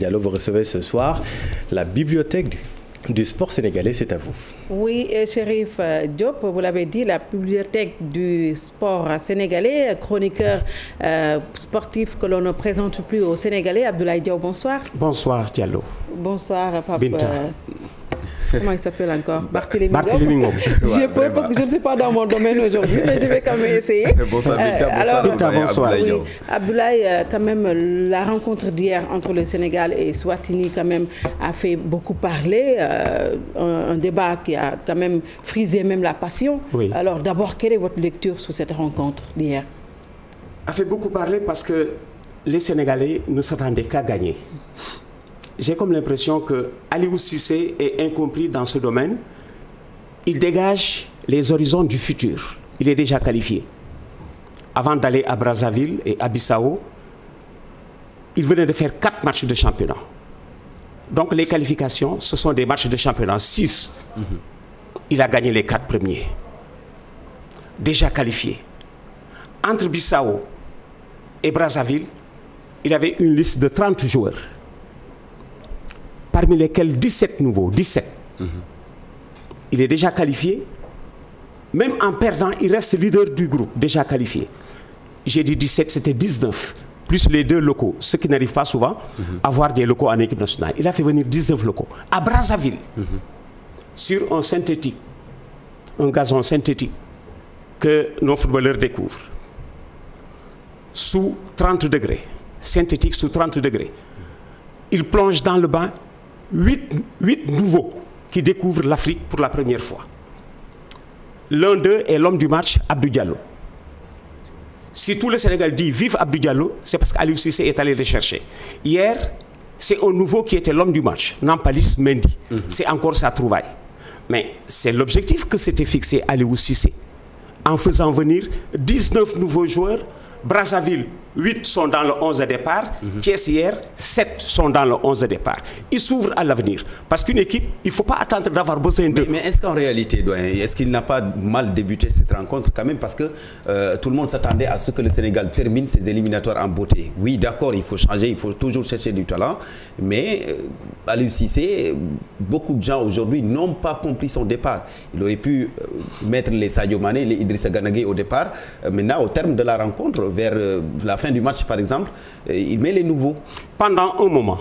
Diallo, vous recevez ce soir la bibliothèque du sport sénégalais, c'est à vous. Oui, euh, Chérif euh, Diop, vous l'avez dit, la bibliothèque du sport sénégalais, chroniqueur euh, sportif que l'on ne présente plus au Sénégalais. Abdoulaye Diop, bonsoir. Bonsoir Diallo. Bonsoir, papa comment il s'appelle encore Barthélémy Barthélémy Ngom. je ne suis pas dans mon domaine aujourd'hui, mais je vais quand même essayer. Bonsoir, euh, alors, bonsoir, euh, quand même, la rencontre d'hier entre le Sénégal et Swatini, quand même, a fait beaucoup parler. Euh, un, débat qui a quand même frisé même la passion. Alors, d'abord, quelle est votre lecture sur cette rencontre d'hier A fait beaucoup parler parce que les Sénégalais ne s'attendaient qu'à gagner j'ai comme l'impression que Aliou Sissé est incompris dans ce domaine. Il dégage les horizons du futur. Il est déjà qualifié. Avant d'aller à Brazzaville et à Bissau, il venait de faire quatre matchs de championnat. Donc les qualifications, ce sont des matchs de championnat. Six. Mhm. Il a gagné les quatre premiers. Déjà qualifié. Entre Bissau et Brazzaville, il avait une liste de 30 joueurs parmi lesquels 17 nouveaux, 17. Il est déjà qualifié. Même en perdant, il reste leader du groupe, déjà qualifié. J'ai dit 17, c'était 19, plus les deux locaux, ce qui n'arrive pas souvent, mhm. à avoir des locaux en équipe nationale. Il a fait venir 19 locaux, à Brazzaville, mhm. sur un synthétique, un gazon synthétique, que nos footballeurs découvrent, sous 30 degrés, synthétique sous 30 degrés. Il plonge dans le bain, huit, nouveaux qui découvrent l'Afrique pour la première fois. L'un d'eux est l'homme du match, Abdou Diallo. Si tout le Sénégal dit vive Abdou Diallo, c'est parce qu'Aliou Cissé est allé le chercher. Hier, c'est un nouveau qui était l'homme du match, Nampalis Mendy. Mhm. C'est encore sa trouvaille. Mais c'est l'objectif que s'était fixé Aliou Cissé en faisant venir 19 nouveaux joueurs. Brazzaville 8 sont dans le 11 de départ, mmh. hier, 7 sont dans le 11 de départ. Ils s'ouvre à l'avenir. Parce qu'une équipe, il ne faut pas attendre d'avoir besoin de... Mais, mais est-ce qu'en réalité, est-ce qu'il n'a pas mal débuté cette rencontre quand même Parce que euh, tout le monde s'attendait à ce que le Sénégal termine ses éliminatoires en beauté. Oui, d'accord, il faut changer, il faut toujours chercher du talent. Mais à euh, l'UCC, beaucoup de gens aujourd'hui n'ont pas compris son départ. Il aurait pu euh, mettre les Sadio Mané, les Idrissa Ganagé au départ. maintenant, au terme de la rencontre, vers la fin du match, par exemple, euh, il met les nouveaux. Pendant un moment,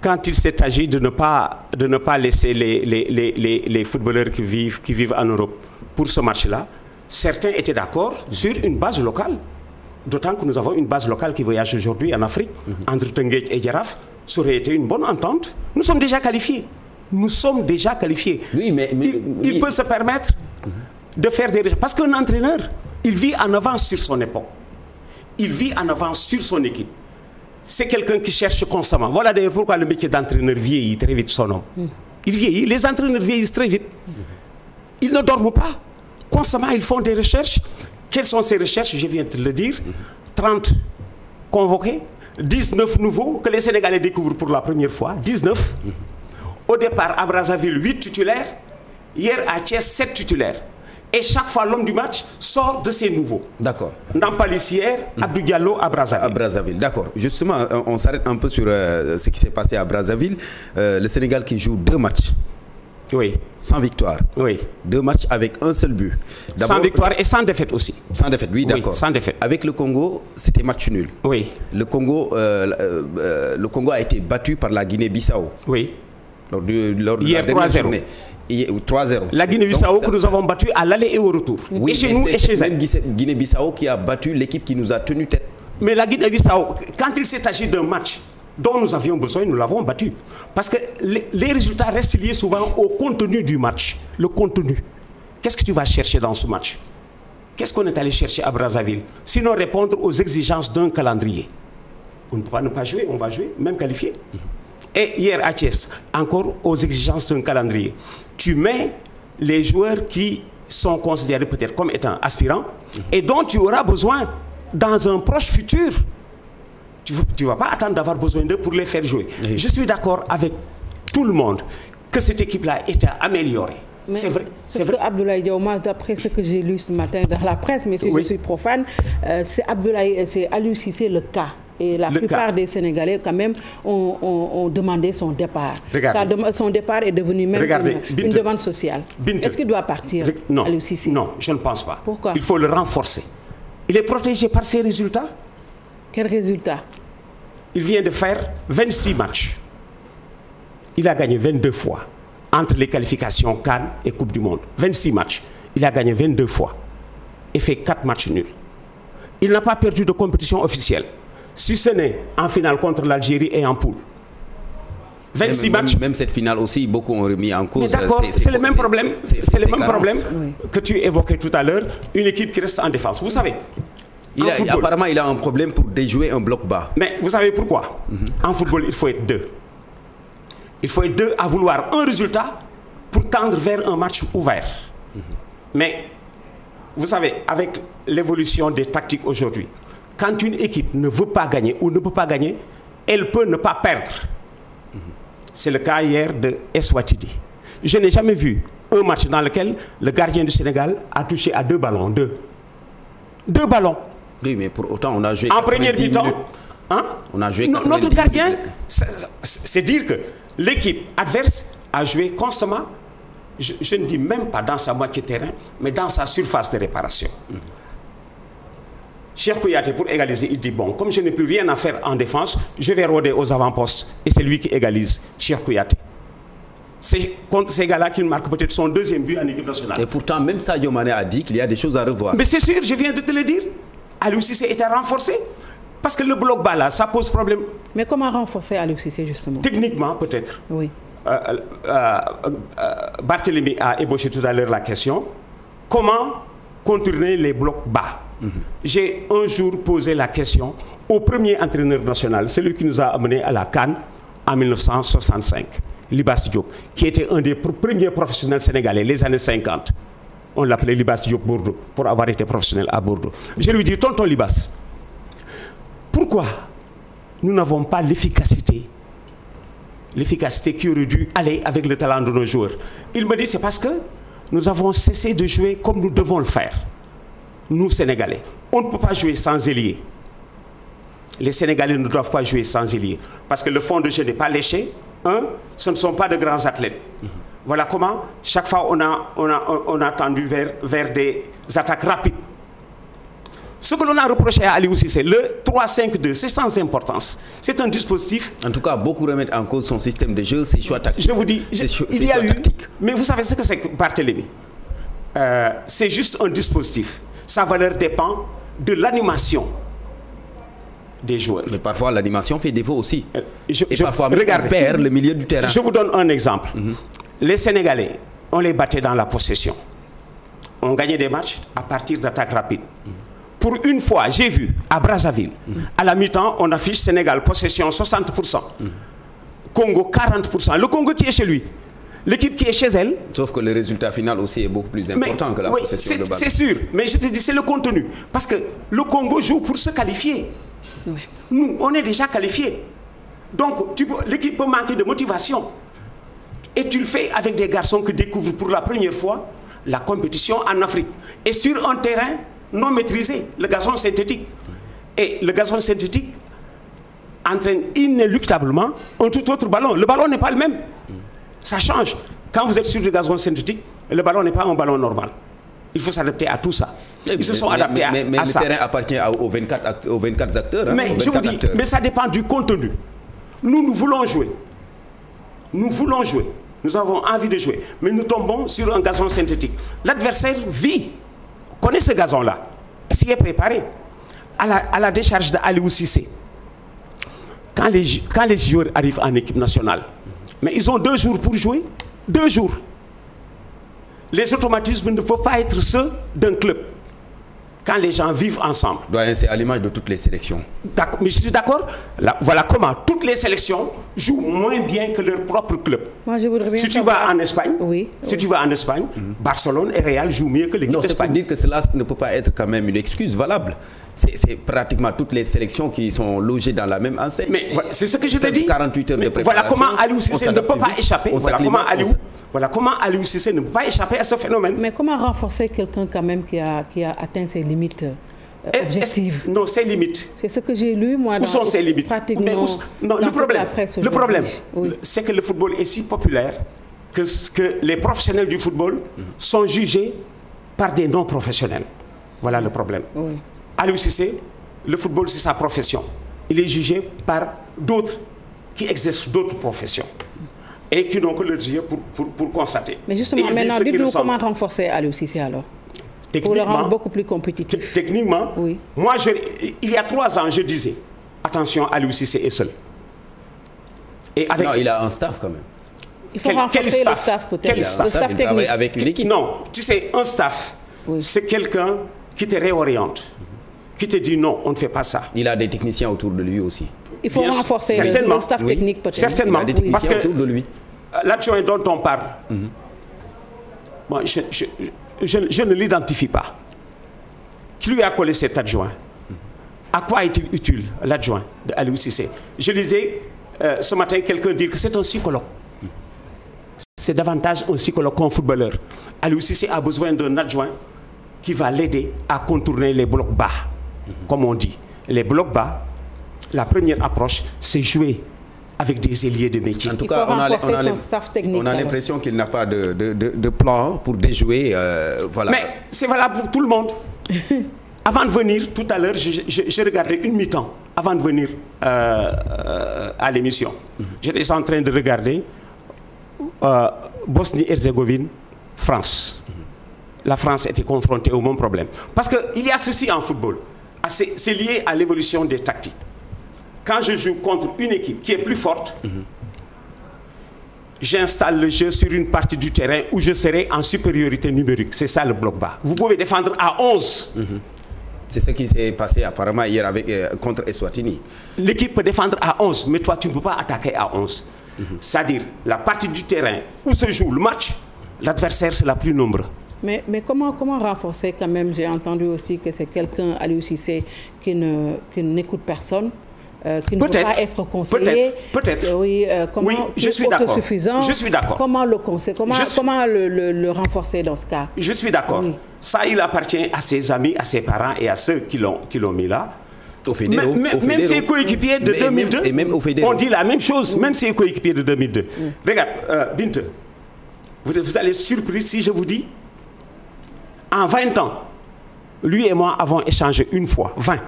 quand il s'est agi de ne pas, de ne pas laisser les, footballeurs qui vivent, qui vivent en Europe pour ce match-là, certains étaient d'accord sur une base locale. D'autant que nous avons une base locale qui voyage aujourd'hui en Afrique, mhm. entre Tenguet et Giraffe, ça aurait été une bonne entente. Nous sommes déjà qualifiés. Nous sommes déjà qualifiés. Oui, mais, il, peut se permettre de faire des... Parce qu'un entraîneur, il vit en avance sur son époque. Il vit en avance sur son équipe. C'est quelqu'un qui cherche constamment. Voilà d'ailleurs pourquoi le métier d'entraîneur vieillit très vite son homme. Il vieillit, les entraîneurs vieillissent très vite. Ils ne dorment pas. Constamment, ils font des recherches. Quelles sont ces recherches Je viens de le dire. 30 convoqués, 19 nouveaux que les Sénégalais découvrent pour la première fois. 19. Au départ, à Brazzaville, 8 titulaires. Hier, à Thiès, 7 titulaires. Et chaque fois, l'homme du match sort de ses nouveaux. D'accord. Dans Palissière, à mm. Abdou Diallo à Brazzaville. Brazzaville, d'accord. Justement, euh, on s'arrête un peu sur euh, ce qui s'est passé à Brazzaville. Euh, le Sénégal qui joue deux matchs. Oui. Sans victoire. Oui. Deux matchs avec un seul but. Sans victoire et sans défaite aussi. Sans défaite, oui, d'accord. sans défaite. Avec le Congo, c'était match nul. Oui. Le Congo, le Congo a été battu par la Guinée-Bissau. Oui. Lors de, Hier, 3-0. La Guinée-Bissau que nous avons battu à l'aller et au retour. Oui, et chez nous et chez elle. Guinée-Bissau qui a battu l'équipe qui nous a tenu tête. Mais la Guinée-Bissau, quand il s'est agi d'un match dont nous avions besoin, nous l'avons battu. Parce que les, résultats restent liés souvent au contenu du match. Le contenu. Qu'est-ce que tu vas chercher dans ce match Qu'est-ce qu'on est allé chercher à Brazzaville Sinon répondre aux exigences d'un calendrier. On ne peut pas ne pas jouer, on va jouer, même qualifié. Et hier à encore aux exigences d'un calendrier, tu mets les joueurs qui sont considérés peut-être comme étant aspirants et dont tu auras besoin dans un proche futur. Tu ne vas pas attendre d'avoir besoin d'eux pour les faire jouer. Je suis d'accord avec tout le monde que cette équipe-là est améliorée. C'est vrai. C'est Abdoulaye d'après ce que j'ai lu ce matin dans la presse, mais si je suis profane, euh, c'est Abdoulaye, euh, c'est le cas. Et la plupart des Sénégalais, quand même, ont, demandé son départ. son départ est devenu même une, demande sociale. Est-ce qu'il doit partir Re non, non, je ne pense pas. Pourquoi Il faut le renforcer. Il est protégé par ses résultats. Quels résultats Il vient de faire 26 matchs. Il a gagné 22 fois entre les qualifications Cannes et Coupe du Monde. 26 matchs. Il a gagné 22 fois et fait 4 matchs nuls. Il n'a pas perdu de compétition officielle, si ce n'est en finale contre l'Algérie et en poule. 26 matchs. Même, cette finale aussi, beaucoup ont remis en cause. D'accord, euh, c'est le même problème. C'est le même problème que tu évoquais tout à l'heure. Une équipe qui reste en défense. Vous savez. apparemment, il a un problème pour déjouer un bloc bas. Mais vous savez pourquoi mhm. En football, il faut être deux. Il faut être deux à vouloir un résultat pour tendre vers un match ouvert. Mais vous savez, avec l'évolution des tactiques aujourd'hui, quand une équipe ne veut pas gagner ou ne peut pas gagner, elle peut ne pas perdre. C'est le cas hier de Eswatidi. Je n'ai jamais vu un match dans lequel le gardien du Sénégal a touché à deux ballons. Deux. Deux ballons. Oui, mais pour autant, on a joué. En première mi-temps, hein? on a joué. notre gardien, c'est dire que l'équipe adverse a joué constamment, je, ne dis même pas dans sa moitié terrain, mais dans sa surface de réparation. Mmh. Kouyaté, pour égaliser, il dit Bon, comme je n'ai plus rien à faire en défense, je vais rôder aux avant-postes. Et c'est lui qui égalise, Cher Kouyaté. C'est contre ces gars-là qu'il marque peut-être son deuxième but en équipe nationale. Et pourtant, même ça, Yomane a dit qu'il y a des choses à revoir. Mais c'est sûr, je viens de te le dire. À lui aussi, été renforcé. Parce que le bloc bas ça pose problème mais comment renforcer à justement Techniquement peut-être. Oui. Euh, euh, euh, a ébauché tout à l'heure la question. Comment contourner les blocs bas mhm. J'ai un jour posé la question au premier entraîneur national, celui qui nous a amenés à la Cannes en 1965, Libas Diop, qui était un des premiers professionnels sénégalais, les années 50. On l'appelait Libas Diop Bordeaux pour avoir été professionnel à Bordeaux. Je lui dis, tonton Libas, pourquoi nous n'avons pas l'efficacité. L'efficacité qui aurait dû aller avec le talent de nos joueurs. Il me dit, c'est parce que nous avons cessé de jouer comme nous devons le faire. Nous, Sénégalais, on ne peut pas jouer sans ailier. Les Sénégalais ne doivent pas jouer sans ailier. Parce que le fond de jeu n'est pas léché. Un, ce ne sont pas de grands athlètes. Mhm. Voilà comment, chaque fois, on a, on a, tendu vers des attaques rapides ce que l'on a reproché à aussi c'est le 3-5-2, c'est sans importance. C'est un dispositif. En tout cas, beaucoup remettent en cause son système de jeu, ses choix tactiques. Je vous dis, il y a eu. Mais vous savez ce que c'est que Barthélémy euh, C'est juste un dispositif. Sa valeur dépend de l'animation des joueurs. Mais parfois, l'animation fait défaut aussi. Euh, Et parfois, on perd le milieu du terrain. Je vous donne un exemple. Mhm. Les Sénégalais, on les battait dans la possession. On gagnait des matchs à partir d'attaques rapides. Mhm pour une fois, j'ai vu à Brazzaville, à la mi-temps, on affiche Sénégal, possession 60%, Congo 40%, le Congo qui est chez lui. L'équipe qui est chez elle. Sauf que le résultat final aussi est beaucoup plus important que la possession C'est sûr, mais je te dis, c'est le contenu. Parce que le Congo joue pour se qualifier. Nous, on est déjà qualifiés. Donc, l'équipe peut manquer de motivation. Et tu le fais avec des garçons qui découvrent pour la première fois la compétition en Afrique. Et sur un terrain non maîtrisé, le gazon synthétique. Et le gazon synthétique entraîne inéluctablement un tout autre ballon. Le ballon n'est pas le même. Ça change. Quand vous êtes sur du gazon synthétique, le ballon n'est pas un ballon normal. Il faut s'adapter à tout ça. Ils se sont adaptés à, ça. Mais le terrain appartient aux 24, aux 24 acteurs. Hein, mais mais ça dépend du contenu. Nous, nous voulons jouer. Nous voulons jouer. Nous avons envie de jouer. Mais nous tombons sur un gazon synthétique. L'adversaire vit connaît ce gazon-là, S'il est préparé. À la, décharge d'Aliou Sissé, quand les, quand les joueurs arrivent en équipe nationale, mais ils ont deux jours pour jouer, deux jours. Les automatismes ne peuvent pas être ceux d'un club. Quand les gens vivent ensemble. C'est à l'image de toutes les sélections. Mais je suis d'accord. Voilà comment toutes les sélections jouent moins bien que leur propre club. si tu vas en Espagne, si tu vas en Espagne, Barcelone et Real jouent mieux que l'équipe d'Espagne. Non, dire que cela ne peut pas être quand même une excuse valable. C'est pratiquement toutes les sélections qui sont logées dans la même enseigne. Mais c'est ce que je te dis. 48 heures de préparation. Voilà comment Aliou Cissé ne peut pas échapper. Voilà comment, voilà ne peut échapper à ce phénomène. Mais comment renforcer quelqu'un quand même qui qui a atteint ses limites euh, eh, non, c'est limite. C'est ce que j'ai lu, moi, où sont ses limites pratiquement Mais non, le problème, Le problème, c'est que le football est si populaire que, les professionnels du football sont jugés par des non-professionnels. Voilà le problème. Oui. À l'UCC, le football, c'est sa profession. Il est jugé par d'autres qui exercent d'autres professions et qui n'ont que le juger pour, pour, constater. Mais justement, maintenant, dites comment renforcer à l'UCC alors pour le rendre beaucoup plus compétitif. Techniquement, oui. moi, je, il y a trois ans, je disais, attention, Aliou Cissé est seul. Et avec... Non, il a un staff quand même. Il faut renforcer le staff peut-être. Le staff, technique. Avec une équipe. Non, tu sais, un staff, c'est quelqu'un qui te réoriente, qui te dit non, on ne fait pas ça. Il a des techniciens autour de lui aussi. Il faut renforcer le, staff technique peut-être. Certainement, parce que Là, de lui. dont on parle, bon, mhm. je, je, ne l'identifie pas. Qui lui a collé cet adjoint À quoi est-il utile l'adjoint d'Aliou Sissé Je lisais euh, ce matin quelqu'un dire que c'est un psychologue. C'est davantage un psychologue qu'un footballeur. Aliou Sissé a besoin d'un adjoint qui va l'aider à contourner les blocs bas, comme on dit. Les blocs bas, la première approche, c'est jouer avec des ailiers de métier. En tout cas, on a, l'impression qu'il n'a pas de, de, plan pour déjouer. Euh, Mais c'est valable pour tout le monde. avant de venir, tout à l'heure, j'ai regardé une mi-temps avant de venir euh, euh, à l'émission. Mhm. J'étais en train de regarder Bosnie-Herzégovine, France. Mhm. La France était confrontée au même problème. Parce qu'il y a ceci en football. Ah, c'est lié à l'évolution des tactiques quand je joue contre une équipe qui est plus forte, j'installe le jeu sur une partie du terrain où je serai en supériorité numérique. C'est ça le bloc bas. Vous pouvez défendre à 11. C'est ce qui s'est passé apparemment hier avec, euh, contre Eswatini. L'équipe peut défendre à 11, mais toi, tu ne peux pas attaquer à 11. C'est-à-dire, la partie du terrain où se joue le match, l'adversaire, c'est la plus nombreuse. Mais, comment, comment renforcer quand même J'ai entendu aussi que c'est quelqu'un, à l'UCC, qui n'écoute qui personne euh, qui peut, pas être conseillé. Peut-être. Euh, euh, oui, je suis d'accord. Je suis d'accord. Comment le conseiller Comment, le, renforcer dans ce cas Je suis d'accord. Ça, il appartient à ses amis, à ses parents et à ceux qui l'ont mis là. Au même, au même ses coéquipiers de 2002 on dit la même chose, même ses coéquipiers de 2002. Regarde, Binte, vous, vous allez être surpris si je vous dis, en 20 ans, lui et moi avons échangé une fois, 20.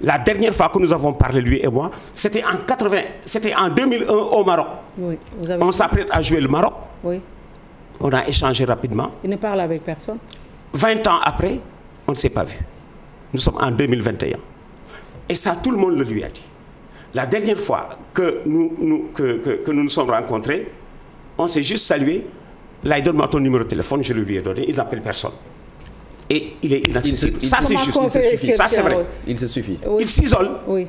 La dernière fois que nous avons parlé, lui et moi, c'était en 80, c'était en 2001 au Maroc. on s'apprête à jouer le Maroc. On a échangé rapidement. Il ne parle avec personne. 20 ans après, on ne s'est pas vu. Nous sommes en 2021. Et ça, tout le monde le lui a dit. La dernière fois que nous nous, que, nous, nous sommes rencontrés, on s'est juste salué. Là, il donne-moi ton numéro de téléphone, je lui ai donné, il n'appelle personne et il est inaccessible. Ça, c'est juste, il Ça, c'est vrai. Il se suffit. Il s'isole. Oui.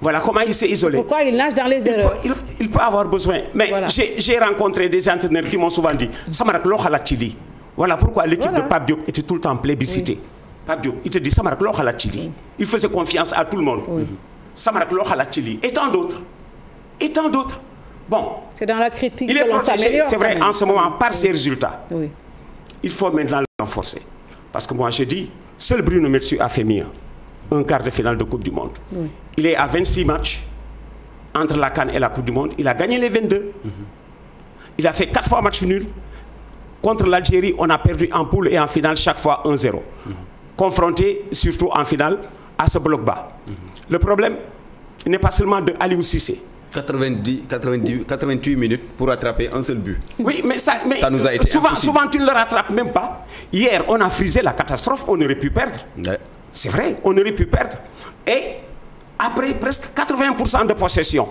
Voilà comment il s'est isolé. Pourquoi il nage dans les erreurs il peut, avoir besoin. Mais j'ai rencontré des entraîneurs qui m'ont souvent dit Samarak Chili. Voilà pourquoi l'équipe de Pape Diop était tout le temps plébiscitée. Oui. il te dit Samarak la Oui. Il faisait confiance à tout le monde. Oui. Samarak Chili. Et tant d'autres. Et tant d'autres. Bon. C'est dans la critique. Il est protégé, c'est vrai, en ce moment, par ses résultats. Il faut maintenant le renforcer. Parce que moi, je dis, seul Bruno Metsu a fait mieux. Un quart de finale de Coupe du Monde. Il est à 26 matchs entre la Cannes et la Coupe du Monde. Il a gagné les 22. Mhm. Il a fait 4 fois match nul. Contre l'Algérie, on a perdu en poule et en finale chaque fois 1-0. Mhm. Confronté, surtout en finale, à ce bloc bas. Mhm. Le problème n'est pas seulement de Aliou Sissé. 90, 90, 88 minutes pour rattraper un seul but. Oui, mais ça, mais souvent, souvent tu ne le rattrapes même pas. Hier, on a frisé la catastrophe, on aurait pu perdre. C'est vrai, on aurait pu perdre. Et après presque 80% de possession,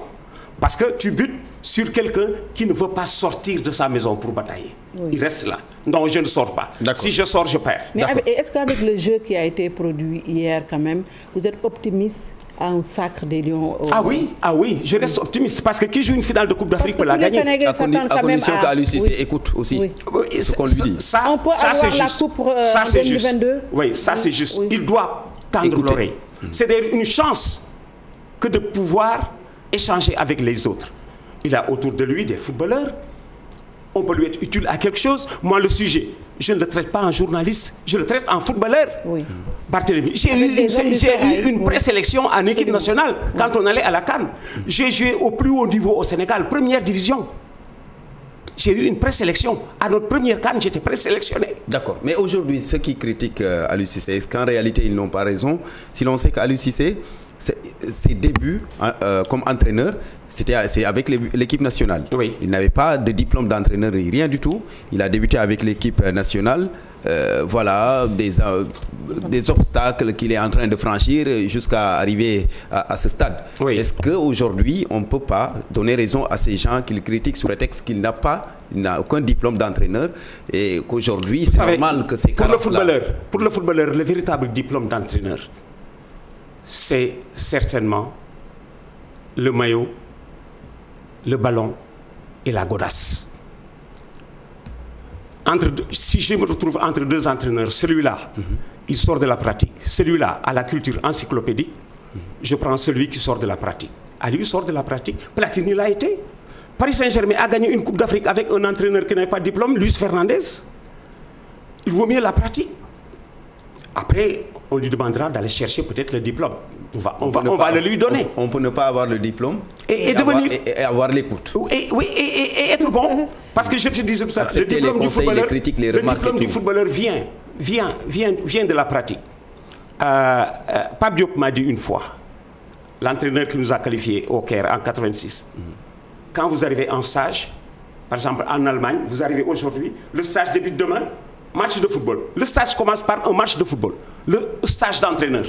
parce que tu butes sur quelqu'un qui ne veut pas sortir de sa maison pour batailler. Il reste là. Non, je ne sors pas. Si je sors, je perds. Mais est-ce qu'avec le jeu qui a été produit hier quand même, vous êtes optimiste un sacre des Lions. Ah oui, ah oui, je reste optimiste parce que qui joue une finale de Coupe d'Afrique pour la gagner. Sénégal à, condi à condition écoute aussi oui. ce qu'on lui dit. Ça, On peut ça, la juste. Coupe euh, ça, 2022. Juste. Oui, ça c'est juste. Il doit tendre l'oreille. Hmm. C'est d'ailleurs une chance que de pouvoir échanger avec les autres. Il a autour de lui des footballeurs, on peut lui être utile à quelque chose. Moi, le sujet, je ne le traite pas en journaliste, je le traite en footballeur. Oui. Barthélémy, j'ai eu, une présélection en équipe nationale quand on allait à la Cannes. J'ai joué au plus haut niveau au Sénégal, première division. J'ai eu une présélection. À notre première Cannes, j'étais présélectionné. D'accord. Mais aujourd'hui, ceux qui critiquent à euh, l'UCC, est-ce qu'en réalité, ils n'ont pas raison Si l'on sait qu'à l'UCC ses débuts hein, euh, comme entraîneur, c'était avec l'équipe nationale. Il n'avait pas de diplôme d'entraîneur, rien du tout. Il a débuté avec l'équipe euh, nationale. Euh, voilà, des, obstacles qu'il est en train de franchir jusqu'à arriver à, ce stade. Est-ce qu'aujourd'hui, on ne peut pas donner raison à ces gens qu'il critiquent sur le texte qu'il n'a pas, n'a aucun diplôme d'entraîneur et qu'aujourd'hui, c'est normal que ces pour le footballeur Pour le footballeur, le véritable diplôme d'entraîneur, c'est certainement le maillot, le ballon et la godasse. Entre, si je me retrouve entre deux entraîneurs, celui-là, il sort de la pratique, celui-là à la culture encyclopédique, je prends celui qui sort de la pratique. À lui, sort de la pratique. Platini l'a été. Paris Saint-Germain a gagné une Coupe d'Afrique avec un entraîneur qui n'avait pas de diplôme, Luis Fernandez. Il vaut mieux la pratique. Après, on lui demandera d'aller chercher peut-être le diplôme. On va, le lui donner. On, ne peut ne pas avoir le diplôme et, devenir, avoir, l'écoute. Et, oui, et, être bon. Parce que je te disais tout ça, le diplôme, du, footballeur, le diplôme du footballeur vient, vient, vient, vient de la pratique. Euh, euh m'a dit une fois, l'entraîneur qui nous a qualifiés au Caire en 86, quand vous arrivez en stage, par exemple en Allemagne, vous arrivez aujourd'hui, le stage débute demain, match de football. Le stage commence par un match de football. Le stage d'entraîneur.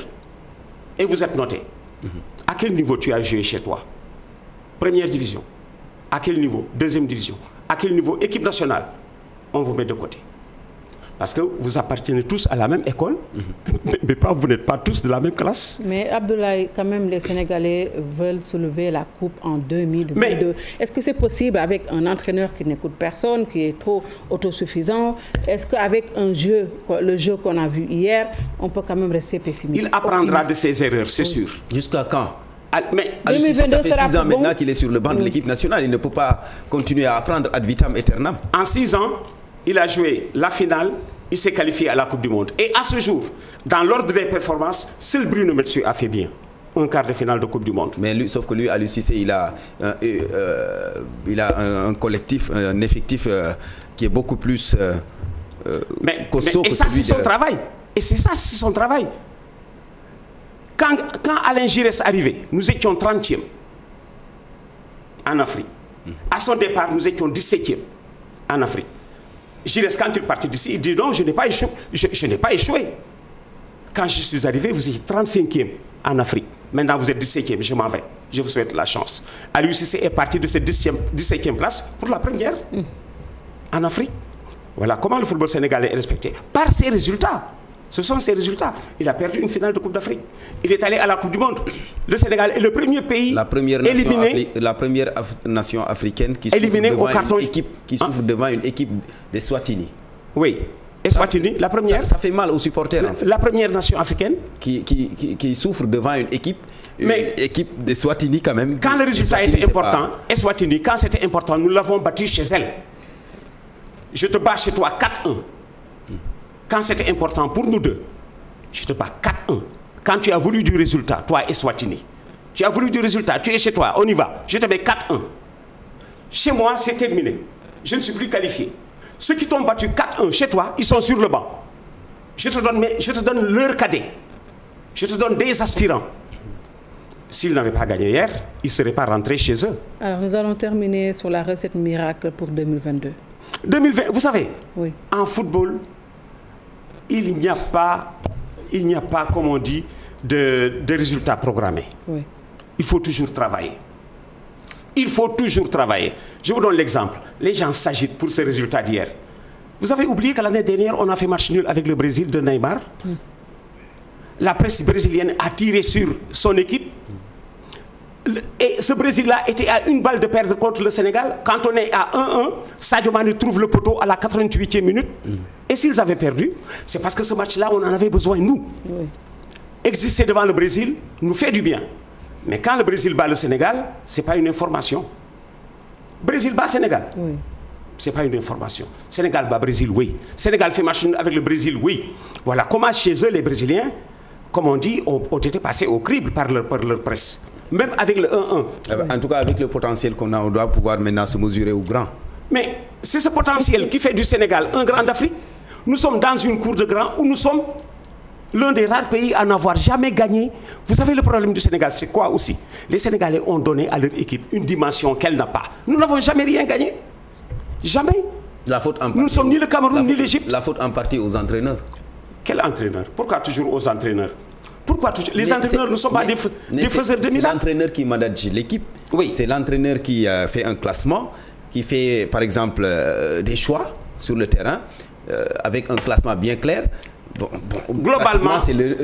Et vous êtes noté. Mhm. À quel niveau tu as joué chez toi Première division. À quel niveau Deuxième division. À quel niveau Équipe nationale On vous met de côté. Parce que vous appartenez tous à la même école, mhm. mais pas, vous n'êtes pas tous de la même classe. Mais Abdoulaye, quand même, les Sénégalais veulent soulever la coupe en 2022. Est-ce que c'est possible avec un entraîneur qui n'écoute personne, qui est trop autosuffisant Est-ce qu'avec un jeu, le jeu qu'on a vu hier, on peut quand même rester pessimiste Il apprendra de ses erreurs, c'est sûr. Jusqu'à quand mais ah, ça, fait 6 ans maintenant qu'il est sur le banc de l'équipe nationale. Il ne peut pas continuer à apprendre ad vitam aeternam. En 6 ans, il a joué la finale, il s'est qualifié à la Coupe du Monde. Et à ce jour, dans l'ordre des performances, seul Bruno Metsu a fait bien un quart de finale de Coupe du Monde. Mais lui, sauf que lui, à l'UCC, il a, euh, euh, a un, collectif, un effectif euh, qui est beaucoup plus mais, et ça, c'est son travail. Et c'est ça, c'est son travail. Quand, quand Alain est arrivé, nous étions 30e en Afrique. À son départ, nous étions 17e en Afrique. Gilles, quand il parti d'ici, il dit non, je n'ai pas échoué. Quand je suis arrivé, vous étiez 35e en Afrique. Maintenant, vous êtes 17e, je m'en vais. Je vous souhaite la chance. » est parti de cette 17e, place pour la première mm. en Afrique. Voilà comment le football sénégalais est respecté. Par ses résultats. Ce sont ses résultats. Il a perdu une finale de Coupe d'Afrique. Il est allé à la Coupe du Monde. Le Sénégal est le premier pays la première éliminé. La première nation africaine qui souffre, devant une équipe, qui hein? souffre devant une équipe des Swatini. Oui. Et Swatini, la première. Ça, fait mal aux supporters. La première nation africaine. Qui, qui, souffre devant une équipe, équipe de Swatini quand même. Quand le résultat était important, Swatini, quand c'était important, nous l'avons battu chez elle. Je te bats chez toi 4-1 quand c'était important pour nous deux, je te bats 4-1. Quand tu as voulu du résultat, toi et Swatini, tu as voulu du résultat, tu es chez toi, on y va. Je te mets 4-1. Chez moi, c'est terminé. Je ne suis plus qualifié. Ceux qui t'ont battu 4-1 chez toi, ils sont sur le banc. Je te donne, je te donne leur cadet. Je te donne des aspirants. S'ils n'avaient pas gagné hier, ils ne seraient pas rentrés chez eux. Alors, nous allons terminer sur la recette miracle pour 2022. 2020, vous savez, oui. en football, il n'y a pas, il n'y a pas, comme on dit, de, résultats programmés. Il faut toujours travailler. Il faut toujours travailler. Je vous donne l'exemple. Les gens s'agitent pour ces résultats d'hier. Vous avez oublié que l'année dernière, on a fait match nul avec le Brésil de Neymar. Hmm. La presse brésilienne a tiré sur son équipe et ce Brésil-là était à une balle de perdre contre le Sénégal. Quand on est à 1-1, Sadio Mane trouve le poteau à la 88e minute. Mm. Et s'ils avaient perdu, c'est parce que ce match-là, on en avait besoin, nous. Exister devant le Brésil nous fait du bien. Mais quand le Brésil bat le Sénégal, ce n'est pas une information. Brésil bat Sénégal. Ce n'est pas une information. Sénégal bat Brésil, oui. Sénégal fait machine avec le Brésil, oui. Voilà comment chez eux, les Brésiliens, comme on dit, ont, été passés au crible par par leur presse même avec le 1-1. Eh ben, en tout cas, avec le potentiel qu'on a, on doit pouvoir maintenant se mesurer au grand. Mais c'est ce potentiel qui fait du Sénégal un grand d'Afrique. Nous sommes dans une cour de grand où nous sommes l'un des rares pays à n'avoir jamais gagné. Vous savez, le problème du Sénégal, c'est quoi aussi Les Sénégalais ont donné à leur équipe une dimension qu'elle n'a pas. Nous n'avons jamais rien gagné. Jamais. La faute en partie Nous ne sommes ni le Cameroun, ni l'Égypte. La faute en partie aux entraîneurs. Quel entraîneur Pourquoi toujours aux entraîneurs pourquoi tous Les entraîneurs ne sont pas des, faiseurs de miracles. C'est l'entraîneur qui manage l'équipe. C'est l'entraîneur qui euh, fait un classement, qui fait par exemple euh, des choix sur le terrain euh, avec un classement bien clair. globalement, c'est le,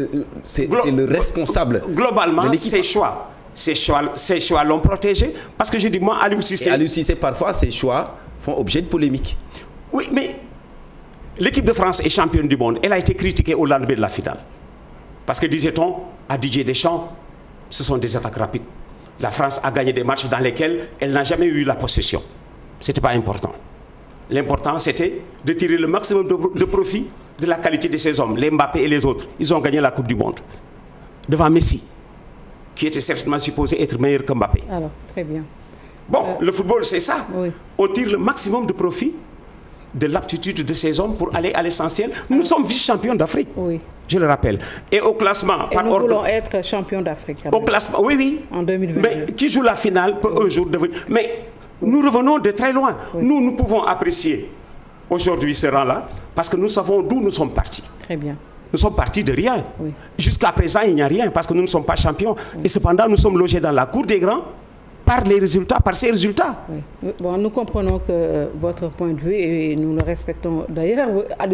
le, responsable. Globalement, ses choix, ces choix, ces choix l'ont protégé parce que je dis moi, à l'UCC... parfois, ces choix font objet de polémique. Oui, mais l'équipe de France est championne du monde. Elle a été critiquée au lendemain de la finale. Parce que disait-on à Didier Deschamps, ce sont des attaques rapides. La France a gagné des matchs dans lesquels elle n'a jamais eu la possession. Ce n'était pas important. L'important, c'était de tirer le maximum de, profit de la qualité de ces hommes, les Mbappé et les autres. Ils ont gagné la Coupe du Monde devant Messi, qui était certainement supposé être meilleur que Mbappé. Alors, très bien. Bon, le football, c'est ça. On tire le maximum de profit de l'aptitude de ces hommes pour aller à l'essentiel. Nous sommes vice-champions d'Afrique. Oui. Je le rappelle. Et au classement, nous ordre. voulons être champions d'Afrique. Au classement, oui, oui. En 2022. Mais qui joue la finale peut un jour devenir. Mais nous revenons de très loin. Nous, nous pouvons apprécier aujourd'hui ce rang-là parce que nous savons d'où nous sommes partis. Très bien. Nous sommes partis de rien. Jusqu'à présent, il n'y a rien parce que nous ne sommes pas champions. Et cependant, nous sommes logés dans la cour des grands par les résultats, par ces résultats. Bon, nous comprenons que euh, votre point de vue, et nous le respectons d'ailleurs, à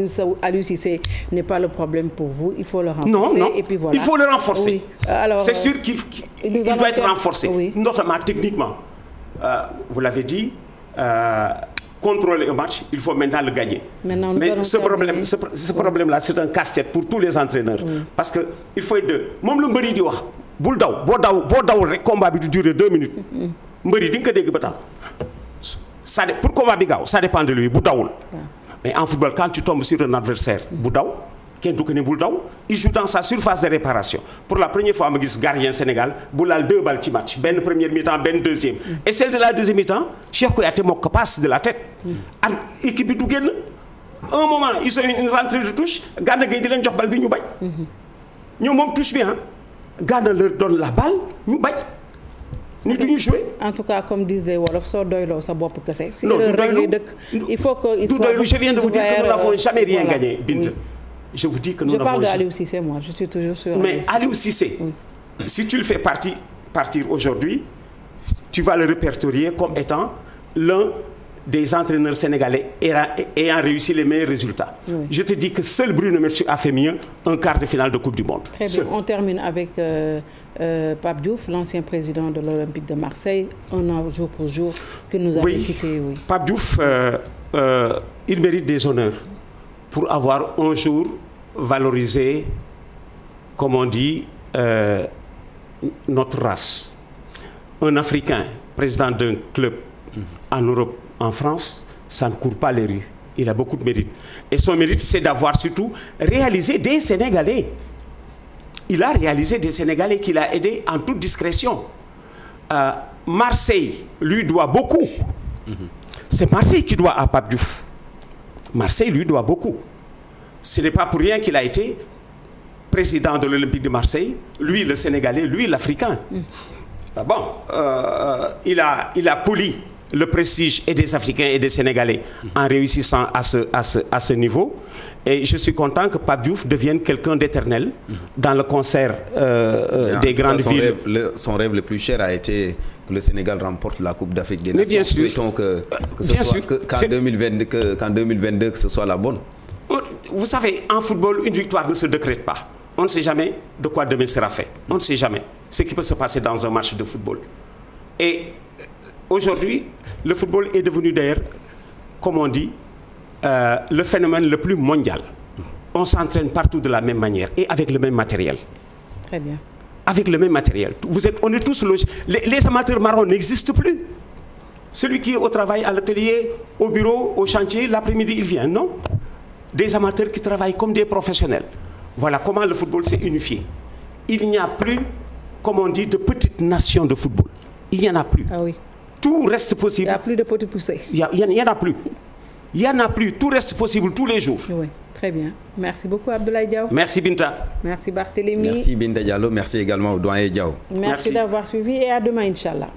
c'est n'est pas le problème pour vous, il faut le renforcer. Non, non, et puis voilà. il faut le renforcer. Oui. C'est sûr qu'il euh, doit être renforcé, oui. notamment techniquement. Euh, vous l'avez dit, contrôler un match, il faut maintenant le gagner. Mais ce problème-là, ce, problème là c'est un casse-tête pour tous les entraîneurs. Parce qu'il faut être deux. Même le Boule daw bo daw bo daw rek combat bi du durer deux minutes mbeuri ding ko deg ça pour combat bi ça dépend de lui bu dawul mais en football quand tu tombes sur un adversaire bu daw qui du ko daw il joue dans sa surface de réparation pour la première fois ma gis gardien Sénégal bu lal deux balles ci match ben première mi-temps ben deuxième mm. et celle de la deuxième mi-temps Cheikh koyate moo passe de la tête mm. ak équipe bi du guen un moment ils ont une rentrée de touche Gana gay di len jox bal bi ñu bañ mom mm-hmm. touche bien. Hein garde leur donne la balle nous nous Nous devons jouer. en tout cas comme disent les Wolofs, ça doit sa un que si il faut que. je viens de vous dire que nous n'avons euh, jamais rien gagné je vous dis que nous n'avons. je parle d'Aliou c'est moi je suis toujours sûr. mais Aliou c'est si tu le fais partir aujourd'hui tu vas le répertorier comme étant l'un des entraîneurs sénégalais ayant réussi les meilleurs résultats. Je te dis que seul Bruno Metsu a fait mieux un quart de finale de Coupe du Monde. On termine avec euh, euh, Pape Diouf, l'ancien président de l'Olympique de Marseille, un jour pour jour que nous avons oui. quitté. Oui. Pape Diouf, euh, euh, il mérite des honneurs pour avoir un jour valorisé, comme on dit, notre race. Un Africain, président d'un club en Europe en France, ça ne court pas les rues. Il a beaucoup de mérite. Et son mérite, c'est d'avoir surtout réalisé des Sénégalais. Il a réalisé des Sénégalais qu'il a aidés en toute discrétion. Euh, Marseille lui doit beaucoup. Mhm. C'est Marseille qui doit à Pape Marseille lui doit beaucoup. Ce n'est pas pour rien qu'il a été président de l'Olympique de Marseille, lui le Sénégalais, lui l'Africain. Mhm. Ah bon, euh, euh, il, a, il a poli le prestige et des Africains et des Sénégalais en réussissant à ce, niveau. Et je suis content que Pabiouf devienne quelqu'un d'éternel dans le concert euh, euh, des grandes villes. son rêve le plus cher a été que le Sénégal remporte la Coupe d'Afrique des Nations. Mais bien sûr. que, que qu'en 2022, que ce soit la bonne. Oh, vous savez, en football, une victoire ne se décrète pas. On ne sait jamais de quoi demain sera fait. On ne sait jamais ce qui peut se passer dans un match de football. Et Aujourd'hui, le football est devenu d'ailleurs, comme on dit, euh, le phénomène le plus mondial. On s'entraîne partout de la même manière et avec le même matériel. Très bien. Avec le même matériel. on est tous logés. Les, amateurs marrons n'existent plus. Celui qui est au travail, à l'atelier, au bureau, au chantier, l'après-midi, il vient. Non. Des amateurs qui travaillent comme des professionnels. Voilà comment le football s'est unifié. Il n'y a plus, comme on dit, de petites nations de football. Il n'y en a plus. Ah oui tout reste possible. Il n'y a plus de potes poussées. Il n'y en a plus. Il n'y en a plus. Tout reste possible tous les jours. Oui. Très bien. Merci beaucoup, Abdoulaye Diaw. Merci, Binta. Merci, Barthélémy. Merci, Binta Diallo. Merci également au doyen Diaw. Merci, Merci. d'avoir suivi et à demain, Inch'Allah.